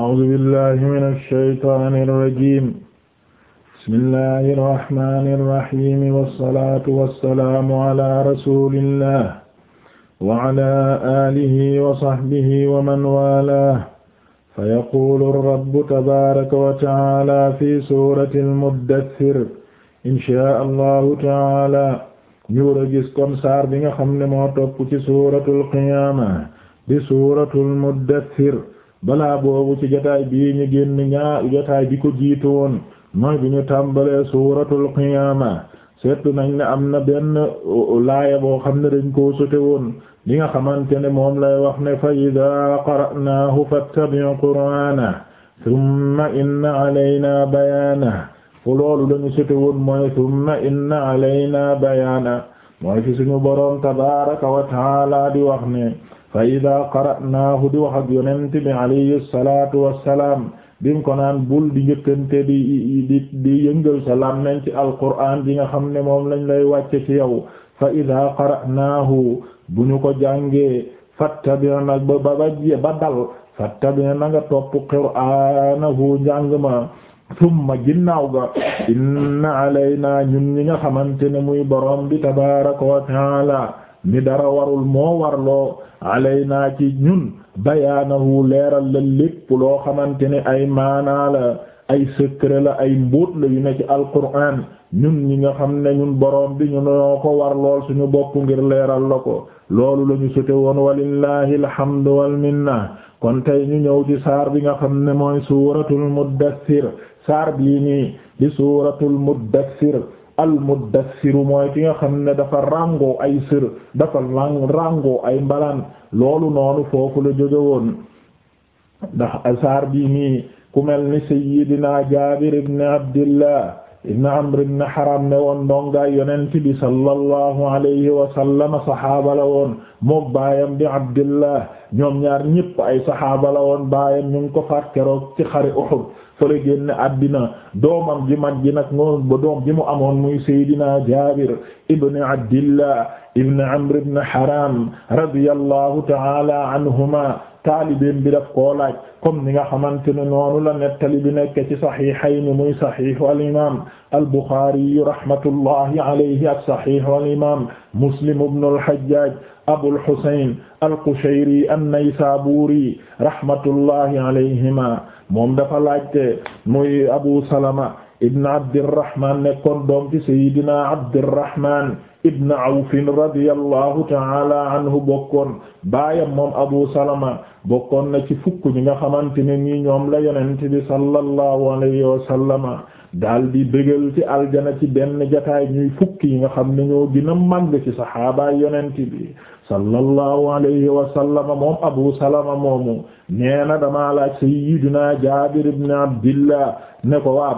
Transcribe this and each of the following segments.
أعوذ بالله من الشيطان الرجيم بسم الله الرحمن الرحيم والصلاة والسلام على رسول الله وعلى آله وصحبه ومن والاه فيقول الرب تبارك وتعالى في سورة المدثر إن شاء الله تعالى ñu war a gis kon saar bi nga xam ne moo topp ci suuratul qiyaama di suuratul muddathir balaa boobu ci jotaay bii ñu génn ñaar jotaay bi ko jiitu woon mooy bi ñu tàmbalee suuratul qiyaama seetlu nañ ne am na benn uh, uh, laaya boo xam ne dañ ko sote woon li nga xamante ne moom lay wax ne fa idaa qara'naahu fattabi' qur'aanahu thumma inna alaynaa fu loolu dañu sote woon mooy thumma inna alaynaa bayaanahu mooy fi suñu boroom tabaaraka wa di wax ne fa ida qara'naahu di wax ak yonent bi alayhi salaatu wassalaam bi ko naan bul di njëkkante di di di yëngal sa làmmiñ ci alquraan bi nga xam ne moom lañ lay wàcce ci yow fa ida qara'naahu bu ñu ko jàngee fattabi nag ba ba ba dal fattabi na nga topp qur'aanahu njàng ma tumma ginnaaw ga inna alayna ñun ñi nga xamante ne muy borom bi tabaaraka wa mi dara warul moo warloo naa ci ñun bayaanahu leeral la lépp loo xamante ne ay maanaa la ay secret la ay mbóot la yu ne ci alquran ñun ñi nga xam ne ñun borom bi ñu noo ko war lool suñu bopp ngir leeral la ko loolu la ñu sute woon walillahi alhamdu wal minna kon tey ñu ñëw ci saar bi nga xam ne mooy suuratul muddassir saar bii nii di suuratul muddassir almuddassiru mooy ki nga xam ne dafa ràngoo ay sër dafa ràngoo ay mbalaan loolu noonu foofu la jóge woon ndax asaar bi nii ku mel ni sayyidina jaabir ibn abdillah ibn amr ibn haram ne woon ndongaay yonent bi sallallahu alayhi wa sallam saxaaba la woon mook baayam di abdillah ñoom ñaar ñépp ay saxaaba la woon baayam ñu ngi ko faat keroog ci xare Uhud fële génn addina doomam ji mag ji nag noonu ba doom ji mu amoon muy Seydina Jaabir ibn Abdillah ibn Amr ibn Haram radiyallahu ta'ala anhuma taalibeem bi daf koo laaj comme ni nga xamante ne noonu la nettali bi nekk ci saxiixayni muy saxiixu al imaam al buxaari rahmatullahi alayhi ak saxiixu al imaam muslim ibn al hajjaaj abul husayn al qushayri an-naysaabuuri rahmatullahi alayhima moom dafa laajte muy abu salama ibn abdirrahman nekkoon doom ci sayyidina abdirrahman ibn Awf radiyallahu ta'ala anhu bokkoon baayam moom Abu Salama bokkoon na ci fukk ñi nga xamante ne ñi ñoom la yonent bi sallallahu alayhi wa sallama daal di bégal ci aljana ci benn jataay ñuy fukki yi nga xam ne ñoo gën a màgg ci saxaabaay yonent bi sallallahu alayhi wa moom abu salama moomu nee na damaa laaj sayyidina abdillah ne ko waa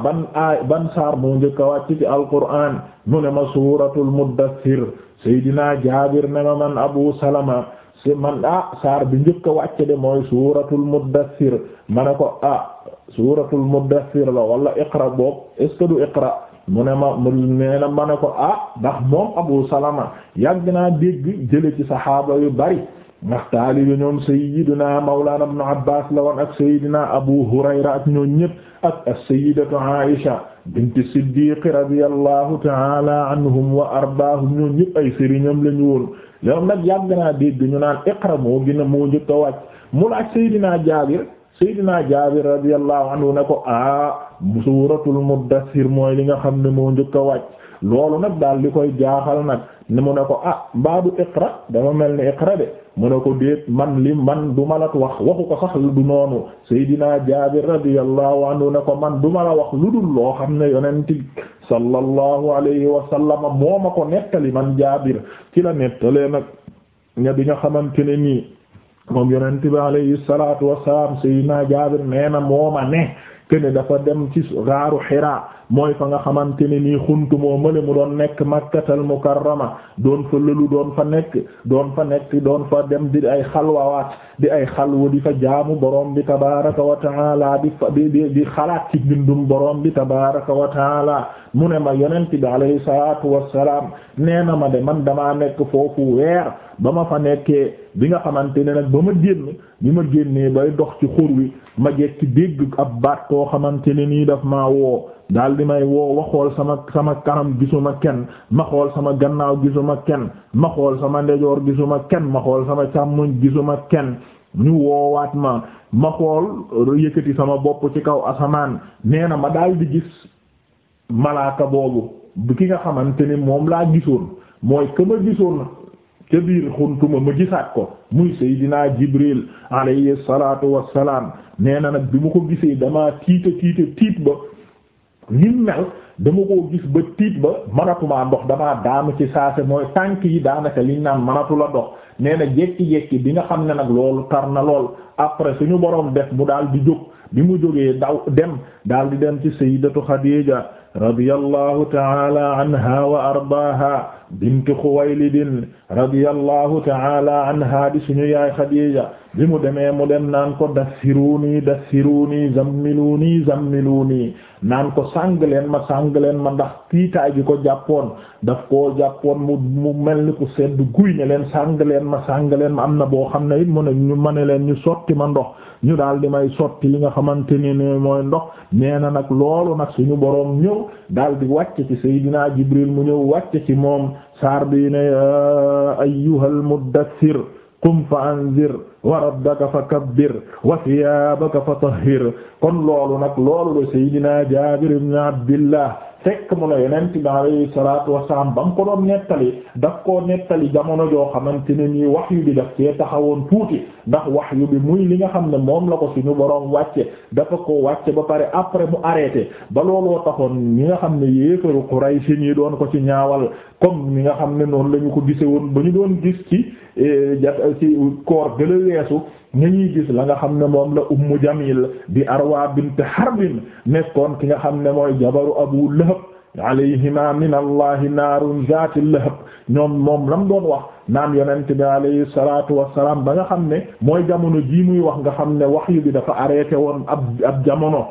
ban saar moo njëkk a wàcc ci alquraan mu ne ma suuratul muddathir sayyidina jaabir ne ma man abu salama si man ah saar bi njëkk a wàcc de mooy suuratul muddathir ma ko ah suuratul muddathir la wala iqra boobu est-ce que du iqra mu ne ma mu nee na ma ne ko ah ndax moom Abu Salama yàgg naa dégg jële ci saxaaba yu bari ndax taalibi ñoom sayyidina mawlana ibn Abbas la woon ak sayyidina Abu Hurayra ak ñoom ñëpp ak as-sayyidatu Aisha bint Siddiq radiyallahu ta'ala anhum wa ardaahum ñoom ñëpp ay sëriñam lañu woon yow nag yàgg naa dégg ñu naan iqra moo gën a moo njëkk a wàcc mu laaj sayyidina Jaabir Seydina Jaabir radiyallahu anhu ne ko ah suuratul Muddassir mooy li nga xam ne moo njëkk a wàcc loolu nag daal li koy jaaxal nag ni mu ne ko ah baadu iqra dama mel ni iqra de mu ne ko déet man li man duma ma la wax waxu ko sax du noonu Seydina Jaabir radiyallahu anhu ne ko man du ma la wax lu dul loo xam ne yonent sallallahu alayhi wa sallam moo ma ko nettali man Jaabir ci la nettalee nag ña nga xamante ne nii. moom yonent bi alayhi salaatu wassalaam sayyidina Jaabir nee na mooma ne kene dafa dem ci gaaru Hiraa mooy fa nga xamante ne nii xuntu moo mëne mu doon nekk makkatal mukarrama doon fa lëlu doon fa nekk doon fa nekk doon fa dem di ay xalwawaat di ay xalwa di fa jaamu boroom bi tabaraka wa taala di fa di di xalaat ci bindum boroom bi tabaraka wa taala mu ne ma yonent bi alayhi salaatu wassalaam nee na ma de man damaa nekk foofu weer ba ma fa nekkee bi nga xamante ne nag ba ma génn bi ma génnee bay dox ci xur wi ma jekki dégg ab baat koo xamante ne nii daf maa daal di may woo wa xool sama sama kanam gisuma kenn ma xool sama gannaaw gisuma kenn ma xool sama ndejoor gisuma kenn ma xool sama càmmoñ gisuma kenn ñu woowaat ma ma xool yëkkati sama bopp ci kaw asamaan nee na ma daal di gis malaaka boobu bu ki nga xamante ni moom laa gisoon mooy que ma gisoon ca biir xuntuma ma gisaat ko muy seydinaa jibril alayhi salaatu wassalaam nee na nag bi ma ko gisee dama tiita tiita tiit ba nim mel dama ko gis ba tiit ba manatuma dox damaa daanu ci saase mooy tànk yi daanaka liñ naan manatu la dox nee na jekki-jekki bi nga xam ne nag loolu tar na lool après suñu boroom def mu daal di jóg bi mu jógee daw dem daal di dem ci sayyidatu Xadiija radiyallahu ta'ala anha wa ardaaha bint Xuwaylid radiyallahu ta'ala anha di suñu yaay Xadiija bi mu demee mu dem naan ko dassiruni dassiruni zammiluni zammiluni naan ko sàng leen ma sàng leen ma ndax tiitaay gi ko jàppoon daf koo jàppoon mu mu mel ni ku sedd guy ne leen sàng leen ma sàng leen ma am na boo xam ne it mu ne ñu ma ne leen ñu sotti ma ndox ñu daal di may sotti li nga xamante ni mooy ndox nee na nag loolu nag suñu boroom ñëw daal di wàcc ci Seydina Jibril mu ñëw wàcc ci moom saar bi ne ayyuhal muddathir qum fa anzir wa rabbaka fakabbir wa thiyaabaka fatahhir kon loolu nag loolu la Seydina Jaabir ibn Abdillah fekk mu ne yonent bi alayhi salaatu wasalaam ba mu ko doon nettali daf koo nettali jamono joo xamante ne nii waxyu bi daf cee taxawoon tuuti ndax waxyu bi muy li nga xam ne moom la ko suñu boroom wàcce dafa ko wàcce ba pare après mu arrêté ba looloo taxoon ñi nga xam ne yéefaru Quraysh ñi doon ko ci ñaawal comme ñi nga xam ne noonu la ñu ko gise woon ba ñu doon gis ci eh, jat ci koor gëla weesu nga ñuy gis la nga xam ne moom la ummu jamil di arwa bint harbin nekkoon ki nga xam ne mooy jabaru abu lahab alayhima min allahi naarun zaati lahab ñoom moom lam doon wax naan yonent bi alayhi salaatu wassalaam ba nga xam ne mooy jamono jii muy wax nga xam ne wax yu bi dafa arrêté woon ab ab jamono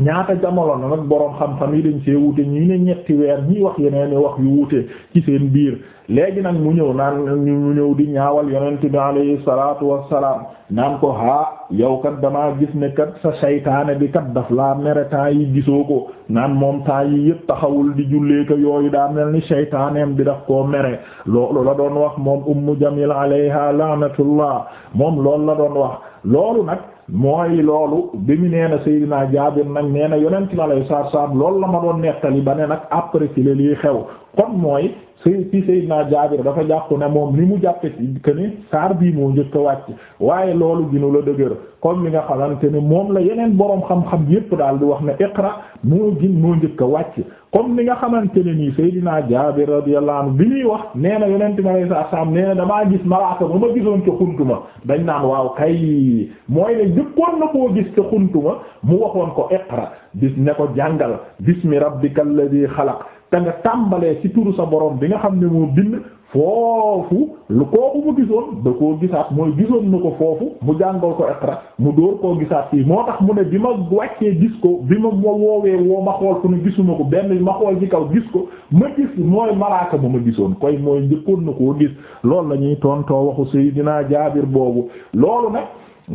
ñaata jamono na nag boroom xam-xam yi dañ see wuute ñii ne ñetti weer ñii wax yeneen wax yu wuute ci seen biir léegi nag mu ñëw naan mu ñëw di ñaawal yonent bi alayhi salaatu wassalaam naan ko haa yow kat dama gis ne kat sa seytaane bi kat daf laa mere temps yi gisoo ko naan moom taa yi yëpp taxawul di jullee ko yooyu daa mel ni saytaaneem bi daf koo mere loolu la doon wax moom ummu jamil alayha laanatullah moom loolu la doon wax loolu nag mooy loolu bi mu nee na Seydina Jaabir nag nee na yonent mi alayhi salaatu wa salaam loolu la ma doon nettali ba ne nag après ci la xew kon mooy sëy ci Seydina Jaabir dafa jàpp ne moom li mu jàppe ci que ni saar bii moo njëkk a wàcc waaye loolu ginu la dëgër comme li nga xamante ne moom la yeneen boroom xam-xam yépp daal di wax ne iqra moo gin moo njëkk a wàcc comme li nga xamante ne nii Seydina Jaabir radiyallahu anhu bi ñuy wax nee na yonent mi alayhi nee na damaa gis malaaka ba ma gisoon ca xuntu ma dañ naan waaw kay mooy ne jëkkoon na koo gis ca xuntu ma mu waxoon ko iqra bis ne ko jàngal bismi rabbikal ladhi xalaq te nga tàmbalee ci turu sa boroom bi nga xam ne moo bind foofu lu kooku mu gisoon da koo gisaat mooy gisoon na ko foofu mu jàngal ko iqra mu dóor koo gisaat fii moo tax mu ne bi ma wàccee gis ko bi ma ma woowee woo ma xool fu nu gisuma ko benn ma xool ci kaw gis ko ma gis mooy malaaka ma ma gisoon koy mooy njëkkoon na koo gis loolu la ñuy tontoo waxu si dinaa Jaabir boobu loolu nag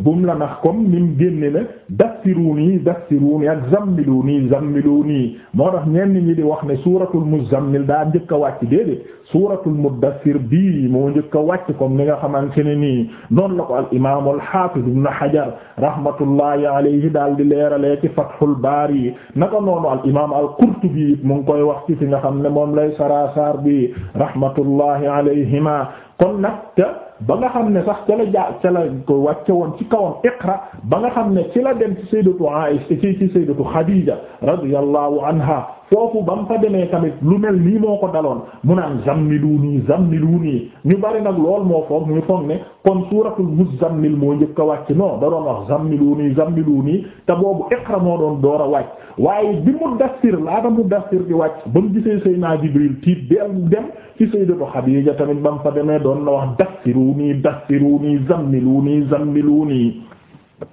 bum la nax comme ni mu génne ne dassiruni dassiruni ak zammiluni zammiluni moo tax ñenn ñi di wax ne suuratul muzzammil daa njëkk a wàcc déedéet suuratul muddassir bii moo njëkk a wàcc comme ni nga xamante ne nii noonu la ko al imaam al haafiz ibn hajar rahmatullahi alayhi daal di leeralee ci fathul baari naka noonu al imaam al qurtubi mu ngi koy wax ci fi nga xam ne moom lay saraasaar bi rahmatullahi alayhima kon nag te ba nga xam ne sax ca la ja ca la ko wàcce woon ci kawam iqra ba nga xam ne ci la dem ci sayyidatu Aisha ci ci sayyidatu Khadija radiyallahu anha foofu ba mu fa demee tamit lu mel nii moo ko daloon mu naan zammiluni zammiluni ñu bari nag lool moo foog ñu foog ne kon suuratul muzzammil moo njëkk a wàcc non da doon wax zammiluni zammiluni te boobu iqra moo doon door a wàcc waaye bi Mudassir laata Mudassir di wàcc ba mu gisee Seydina Jibril tiit del dem ci Sayyidatu Xadiija tamit ba mu fa demee doon na wax dassiruni dassiruni zammiluni zammiluni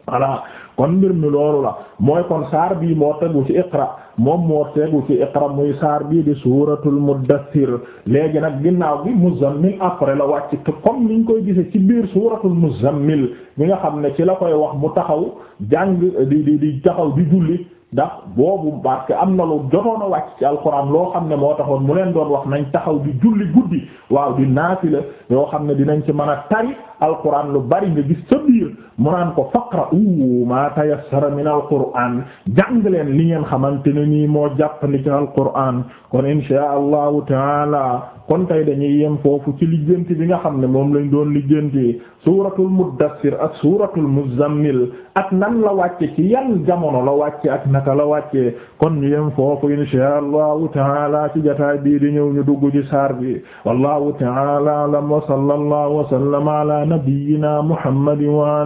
voilà kon mbir mi loolu la mooy kon saar bii moo tegu ci Iqra moom moo tegu ci Iqra muy saar bii di suuratul Muddassir léegi nag ginnaaw bi Muzammil après la wàcc te comme niñ koy gisee ci biir suuratul Muzammil mi nga xam ne ci la koy wax mu taxaw jàng di di di taxaw di julli ndax boobu parce que am na lu jotoon a wàcc ci alxuraan loo xam ne moo taxoon mu leen doon wax nañ taxaw di julli guddi waaw di naafila yoo xam ne dinañ ci mën a tari alxuraan lu bari nga gis sa biir mu naan ko faqra'u ma tayassara min alxuraan jàng leen li ngeen xamante ne nii moo jàppandi ci alxuraan kon insha allahu taala kon tey dañuy yem foofu ci lijjanti bi nga xam ne moom lañ doon lijjanti suuratul muddassir ak suuratul muzzammil ak nan la wàcce ci yan jamono la wàcce ak naka la wàcce kon ñu yem foofu inshaa allahu taala ci jotaay bii di ñëw ñu dugg ji saar bi wallahu taala alam wa sallallahu wa sallama ala nabiyyina muhammadin wa